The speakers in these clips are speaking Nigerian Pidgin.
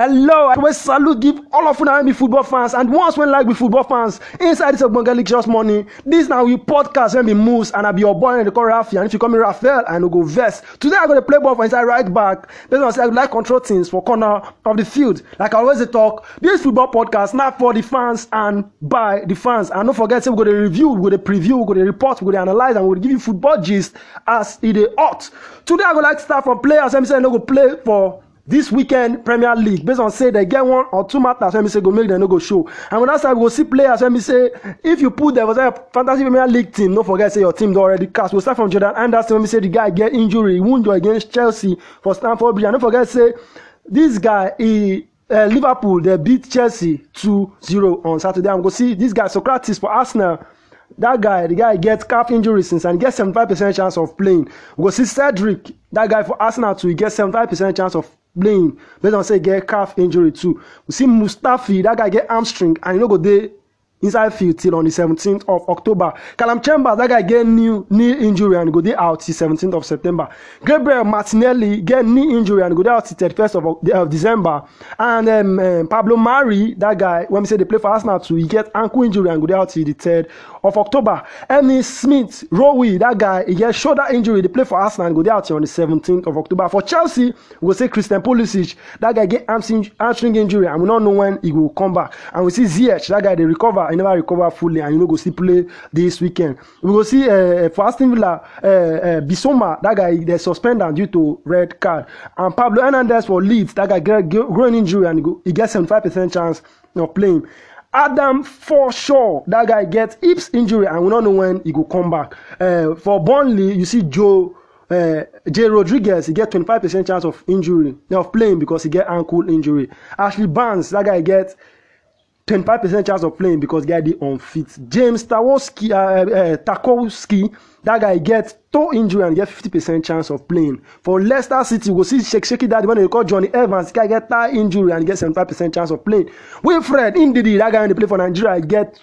Hello, I always salute give all of be football fans and once when like be football fans inside this Ogbonge League just money. This now we podcast when be moves and I be your boy and they call Rafi and if you call me Rafael I no go vex. Today I go to play ball for inside right back. Based on say I like control things for corner of the field. Like I always talk, this football podcast not for the fans and by the fans. And don't forget say we go to review, we go to preview, we go to report, we go to analyze and we go give you football gist as it e is hot. Today I go like start from players. and say I no go play for This weekend premier league based on say they get one or two matters wey be say go make dem no go show and on dat side we go see players wey be say if you put dem for inside fantasy premier league team no forget say your team don already cast we start from jordan anderson wey be say the guy get injury wound you against chelsea for stamford bridge and no forget say this guy he uh, liverpool dey beat chelsea two zero on saturday and we go see this guy socrates for arsenal that guy the guy get calf injury since and get seventy-five percent chance of playing we go see cedric that guy for arsenal too he get seventy-five percent chance of blame him. Based on say e get calf injury too. We see Mustafi, that guy get hamstring and e no go dey inside field till on the 17th of october callum chambers that guy get knee knee injury and go dey out till 17th of september gabriel martinelli get knee injury and go dey out till 31st of december and um, um, pablo mari that guy wey be say dey play for arsenal too he get ankle injury and go dey out till the 3rd of october emmy smith rowe that guy he get shoulder injury dey play for arsenal and go dey out till on the 17th of october for chelsea we go say christian pulisic that guy get hamstring injury and we no know when he go come back and we see ZH that guy dey recover i never recover fully and you no go see play this weekend we go see eh, eh, for aston villa eh, Bissouma. That guy they suspend am due to red card and pablo hernandez for leeds That guy get groin injury and he gets 75 chance of playing adam for sure That guy gets hips injury and we no know when he go come back for burnley you see joe J rodriguez He get 25 chance of injury of playing because he get ankle injury ashley barnes That guy get five percent chance of playing because guy dey unfit. James Tawoski, uh, uh, uh, Tarkowski, that guy get toe injury and get fifty percent chance of playing. For Leicester City, we we'll see Sheikh Sheikh that when they call Johnny Evans, guy get thigh injury and get five percent chance of playing. Wilfred Ndidi, that guy when they play for Nigeria, get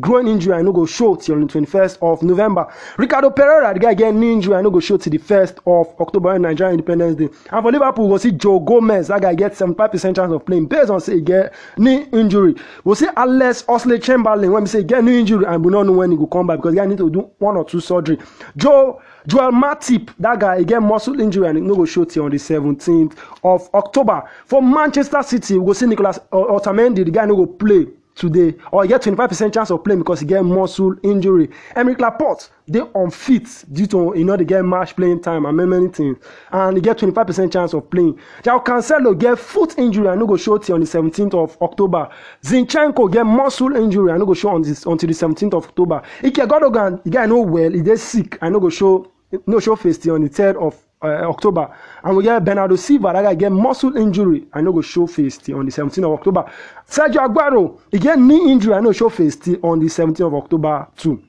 groin injury i no go show till the 21st of november ricardo pereira the guy get knee injury i no go show till the 1st of october on nigeria independence day and for liverpool we go see joe gomez that guy get 75 percent chance of playing based on say e get knee injury we see alex oxley chamberlain when be say e get knee injury and we no know when he go come back because di guy need to do one or two surgery joe joel matip that guy e get muscle injury and e no go show till on the 17th of october for manchester city we go see nicolas otamendi the guy no go play today or e get 25 percent chance of playing because he get muscle injury. Emerick Laporte dey unfit due to e no dey get match playing time and many many things and he get 25 percent chance of playing. Jao Cancelo get foot injury and no go show till on the 17th of October. Zinchenko get muscle injury and no go show on this, until the 17th of October. Ike Gundogan, the guy no well, he dey sick and no go show no show face till on the 3rd of Eh, october and we get bernardo silva that guy get muscle injury i no go show face till on the 17th of october sergio aguero e get knee injury i no show face till on the 17th of october too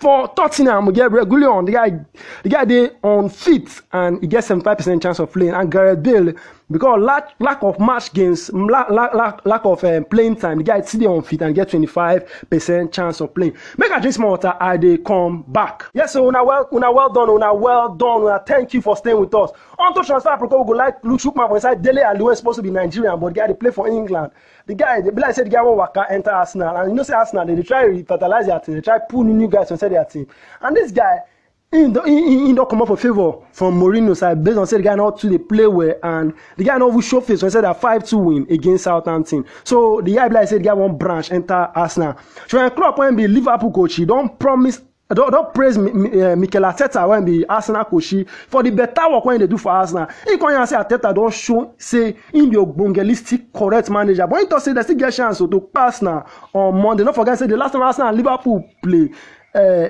for tottenham we get regulion The guy the dey on fit and he gets 75 chance of playing and gareth bale because lack lack of match games, lack lack lack of um, playing time the guy still dey unfit and get twenty-five percent chance of playing make i drink small water i dey come back. yes o una well una well done una well done una thank you for staying with us onto transfer protocol we go like look look man for inside dele ali wey suppose to be nigerian but the guy dey play for england the guy dey be like say the guy wan waka enter arsenal and you know say arsenal dey try try revitalize their team dey try pull new new guys from inside their team and this guy him don up for favour from mourinho side based on say the guy not too dey play well and the guy no even show face when say that five two win against southampton so the guy be like say di guy wan branch enter arsenal jurgen klopp wen be liverpool coach he don promise don praise eh, mikel arteta wey be arsenal coach for the better work wey im dey do for arsenal He come yarn say arteta don show say im be ogbonge correct manager but he tok say dem still get chance to pass na on monday no forget say the last time arsenal and liverpool play eh,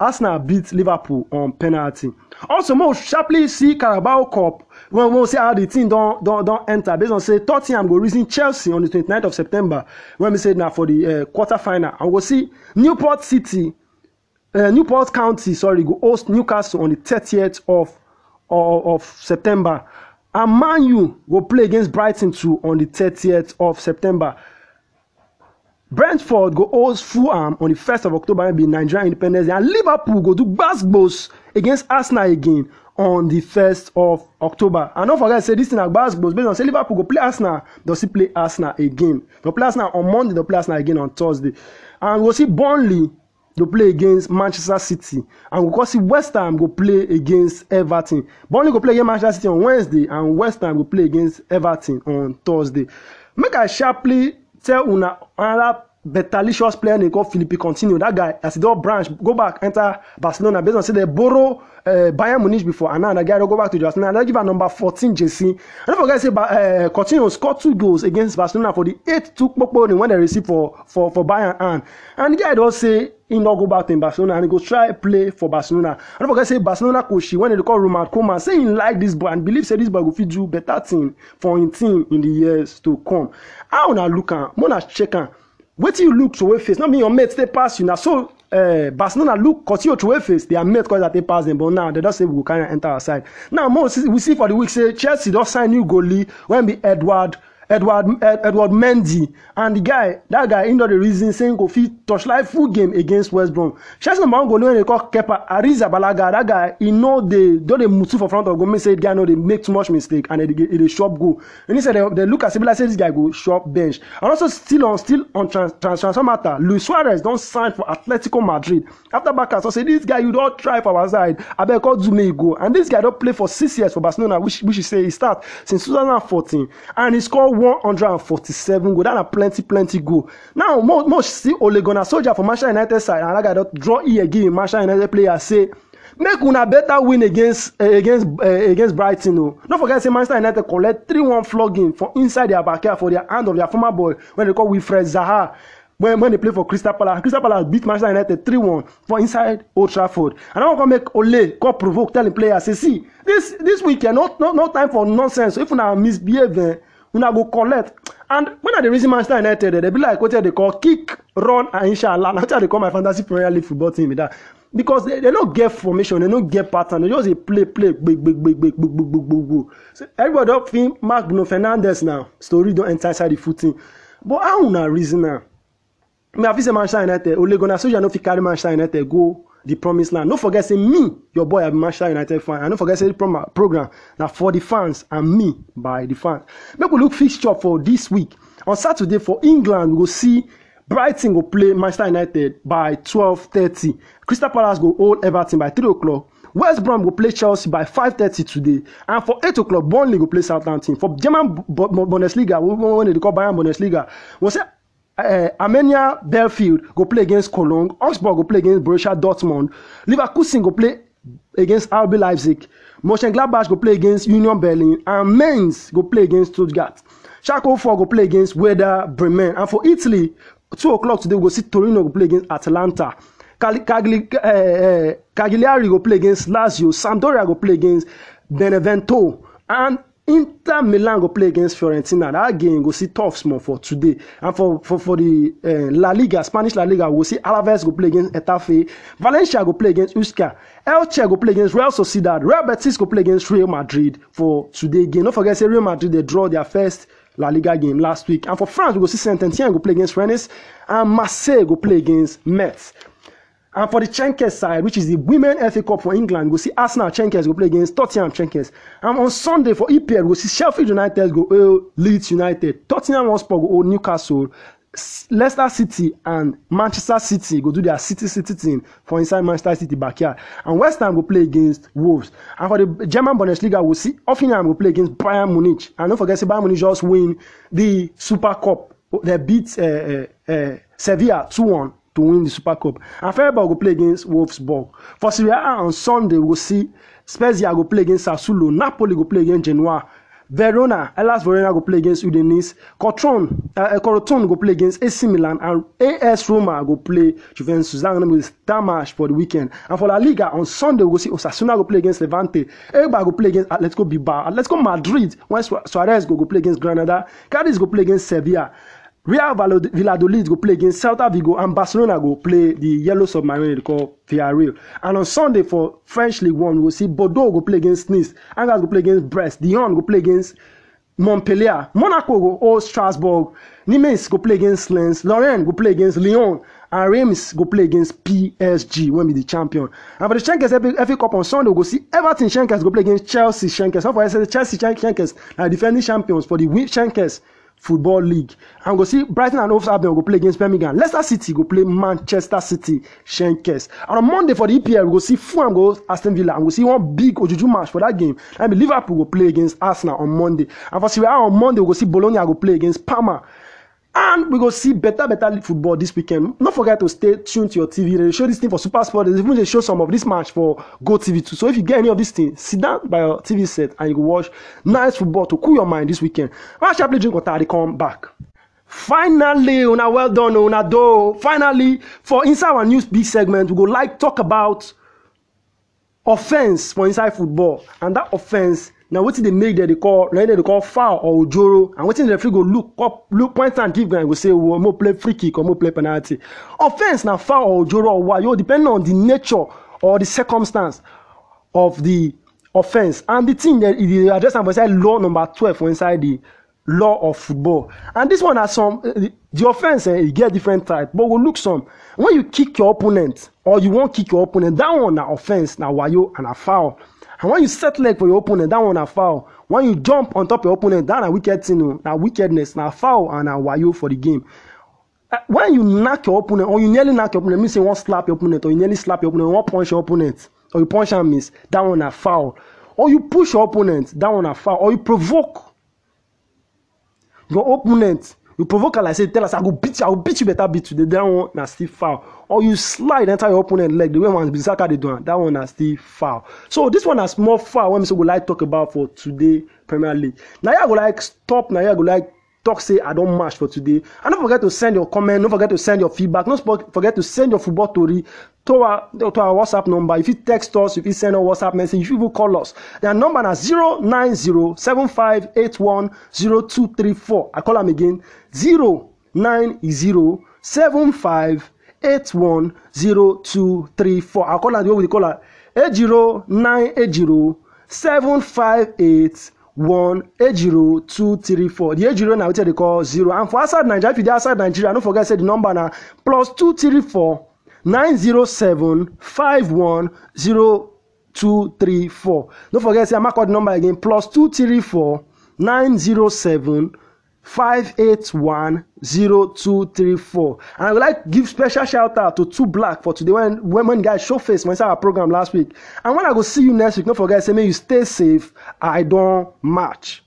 Arsenal beat Liverpool on penalty. Also, more sharply see Carabao Cup when we see how the team don't don't don't enter based on say Tottenham go reason Chelsea on the 29th of September when we say now for the uh, quarter final and we see Newport City uh, Newport County sorry go host Newcastle on the 30th of of, of September and Man U go play against Brighton too on the 30th of September. Brentford go host Fulham on the 1st of October be Nigerian Independence Day and Liverpool go do gbasgbos against Arsenal again on the 1st of October. And don't forget say this thing na gbasgbos based on say Liverpool go play Arsenal, they'll still play Arsenal again. They'll play Arsenal on Monday, they'll play Arsenal again on Thursday. And we'll see Burnley go play against Manchester City and we go see West Ham go play against Everton. Burnley go play against Manchester City on Wednesday and West Ham go play against Everton on Thursday. Make I sharply sea una mala Betalicious player name called Philippe Coutinho. That guy, as he don't branch, go back, enter Barcelona. Based on say they borrow uh, Bayern Munich before, and now that guy don't go back to Barcelona. And they give a number 14 JC. I don't forget say uh, Coutinho scored two goals against Barcelona for the eight two Pokponi when they receive for for for Bayern and and the guy don't say he no go back to barcelona and he go try play for barcelona i don't forget say barcelona coach when dem dey call ronald koeman say he like this boy and believe say this boy will fit do better thing for im team in the years to come how una look am make una check am wetin you look throway face no mean your mate stay pass you na so uh, barcelona look coutinho throway face their mate cause they pass them, but now they don say we go carry am enter our side now more we see for the week say chelsea don sign new goalie wey be edward edward edward mendy and the guy that guy im don dey reason say im go fit torchlight full game against west brom chelsea number one goal wey dem call kepa balaga. That guy e no dey don dey mutu for front of goal mean say di guy no dey make too much mistake and e dey chop goal and he said dey look as if be like say dis guy go chop bench and also still on still on trans transfer matter luis suarez don sign for atletico madrid after barca talk say this guy you don try for our side abeg come do make e go and this guy don play for six years for barcelona which which he say he start since 2014 and he score one hundred and forty-seven goal that na plenty plenty goal now mo mo see ole gunnar solskjaer for manchester united side and ragada draw ear give im manchester united player say make una better win against uh, against uh, against brighton o oh. no forget say manchester united collect three one flogging for inside their backyard for their hand of their former boy wey dey call wilfred zaha when when they play for crystal palace crystal palace beat manchester united three one for inside old trafford and i wan come make ole come provoke tell im players say see this this weekend no no no time for nonsense if una misbehave eh una go collect and wen i dey reason manchester united dem be like wetin i dey call kick run and inshallah na wetin i dey call my fantasy premier league football team be that because they, they no get formation they no get pattern they just dey play play gbegbegbegbegbegbegbegbe so everybody don feel mark bruno fernandez now story don enter inside the full team but how una reason am me i feel say manchester united ole gunnar no fit carry manchester united go The promised land no forget say me your boy i be manchester united fan and don't forget say dis program now for the fans and me by the fans make we look fixture for this week on saturday for england we go see brighton go play manchester united by 12:30 crystal palace go hold everton by 3 o'clock west brom go play chelsea by 5:30 today and for 8 o'clock burnley go play southampton for german bundesliga wey dem dey call bayern bundesliga we say Eh, Armenia Belfield go play against Cologne, Augsburg go play against Borussia Dortmund, Leverkusen go play against RB Leipzig, Mönchengladbach go play against Union Berlin and Mainz go play against Stuttgart. Schalke 04 go play against Werder Bremen and for Italy, two o'clock today we go see Torino go play against Atalanta. Eh, eh, Cagliari go play against Lazio, Sampdoria go play against Benevento and inter milan go play against fiorentina That game go see tough small for today and for for for the uh, la liga spanish la liga we go see alaves go play against etafe valencia go play against uska elche go play against real sociedad real betis go play against real madrid for today game no forget say real madrid dey draw their first la liga game last week and for france we go see saint etienne go play against rennes and marseille go play against metz And for the Chenkers side, which is the Women FA Cup for England, we'll see Arsenal Chenkers go play against Tottenham Chenkers. And on Sunday for EPL, we'll see Sheffield United go owe Leeds United, Tottenham Hotspur go owe Newcastle, Leicester City and Manchester City go do their City City thing for inside Manchester City backyard. And West Ham go play against Wolves. And for the German Bundesliga, we'll see Offenham go play against Bayern Munich. And don't forget, say Bayern Munich just win the Super Cup. They beat uh, uh, uh, Sevilla 2 1 to win the Super Cup. And Fenerbahce go play against Wolfsburg. For Serie A on Sunday, we'll see Spezia go play against Sassuolo, Napoli go play against Genoa, Verona, Hellas Verona go play against Udinese, Cotron, uh, Coroton go play against AC Milan, and AS Roma go play Juventus. That's going to be that match for the weekend. And for La Liga, on Sunday, we'll see Osasuna go play against Levante, Eibar go play against Atletico Bilbao, Atletico Madrid, when Suarez go, go play against Granada, Cadiz go play against Sevilla real valladolid go play against celta vigo and barcelona go play the yellow submarine dey call villarreal and on sunday for french league one we go see bordeaux go play against nice angers go play against brest lyon go play against montpellier monaco go hold strasbourg nimes go play against lens lorraine go play against lyon and reims go play against psg wey be the champion and for the schenkes fa cup on sunday we go see everton schenkes go play against chelsea schenkes not for chelsea schenkes are defending champions for the schenkes football league and go see brighton and hove albion go play against birmingham leicester city go play manchester city shenkes and on monday for the epl we go see fulham go aston villa and we go see one big ojuju match for that game I mean liverpool go play against arsenal on monday and for serie a on monday we go see bologna go play against parma And we go see better, better football this weekend. Not forget to stay tuned to your TV. They show this thing for Super Sport. They even they show some of this match for Go TV too. So if you get any of these things, sit down by your TV set and you go watch nice football to cool your mind this weekend. I'll sharply drink water. They come back. finally una well done una do finally for inside our news big segment we go like talk about offense for inside football and that offense na wetin dey make dem dey call na dem dey call foul or ojoro and wetin the referee go look up look point and give ground go say well mo play free kick or mo play penalty offence na foul or ojoro or wayo depending on the nature or the circumstance of the offence and the thing dem e dey address am for inside law number twelve for inside the law of football and this one na some eh, the offence eh, e get different type but we we'll look some when you kick your opponent or you wan kick your opponent that one na offence na wayo and na foul And when you set leg for your opponent, that one na foul. When you jump on top your opponent, that a wicked thing o. Oh. Na wickedness, now foul and na wayo for the game. Eh, when you knock your opponent or you nearly knock your opponent, mean say you wan slap your opponent or you nearly slap your opponent, you wan punch your opponent or you punch and miss, that one na foul. Or you push your opponent, that one na foul. Or you provoke your opponent You provoke her like say, tell us I go beat you, I go beat you better beat you. The that one na still foul. Or you slide enter your opponent leg the way one Bissaka they do am. That one na still foul. So this one na more foul wey me say go like talk about for today Premier League. Na I go like stop, now here I go like talk say i don match for today and no forget to send your comment no forget to send your feedback no forget to send your football tori to our to our whatsapp number If you text us if you send us whatsapp message if you even call us their number na zero nine zero seven five eight one zero two three four i call am again zero nine zero seven five eight one zero two three four i call am the way we dey call am ejiro nine zero seven five eight one eight zero two three four the eight zero na wetin i dey call zero and for outside Nigeria, if you dey outside nigeria no forget say the number na plus two three four nine zero seven five one zero two three four no forget say i mark out the number again plus two three four nine zero seven five eight one zero two three four and i would like give special shout out to two black for today when when when guys show face for inside our program last week and when i go see you next week no forget say make you stay safe i don match.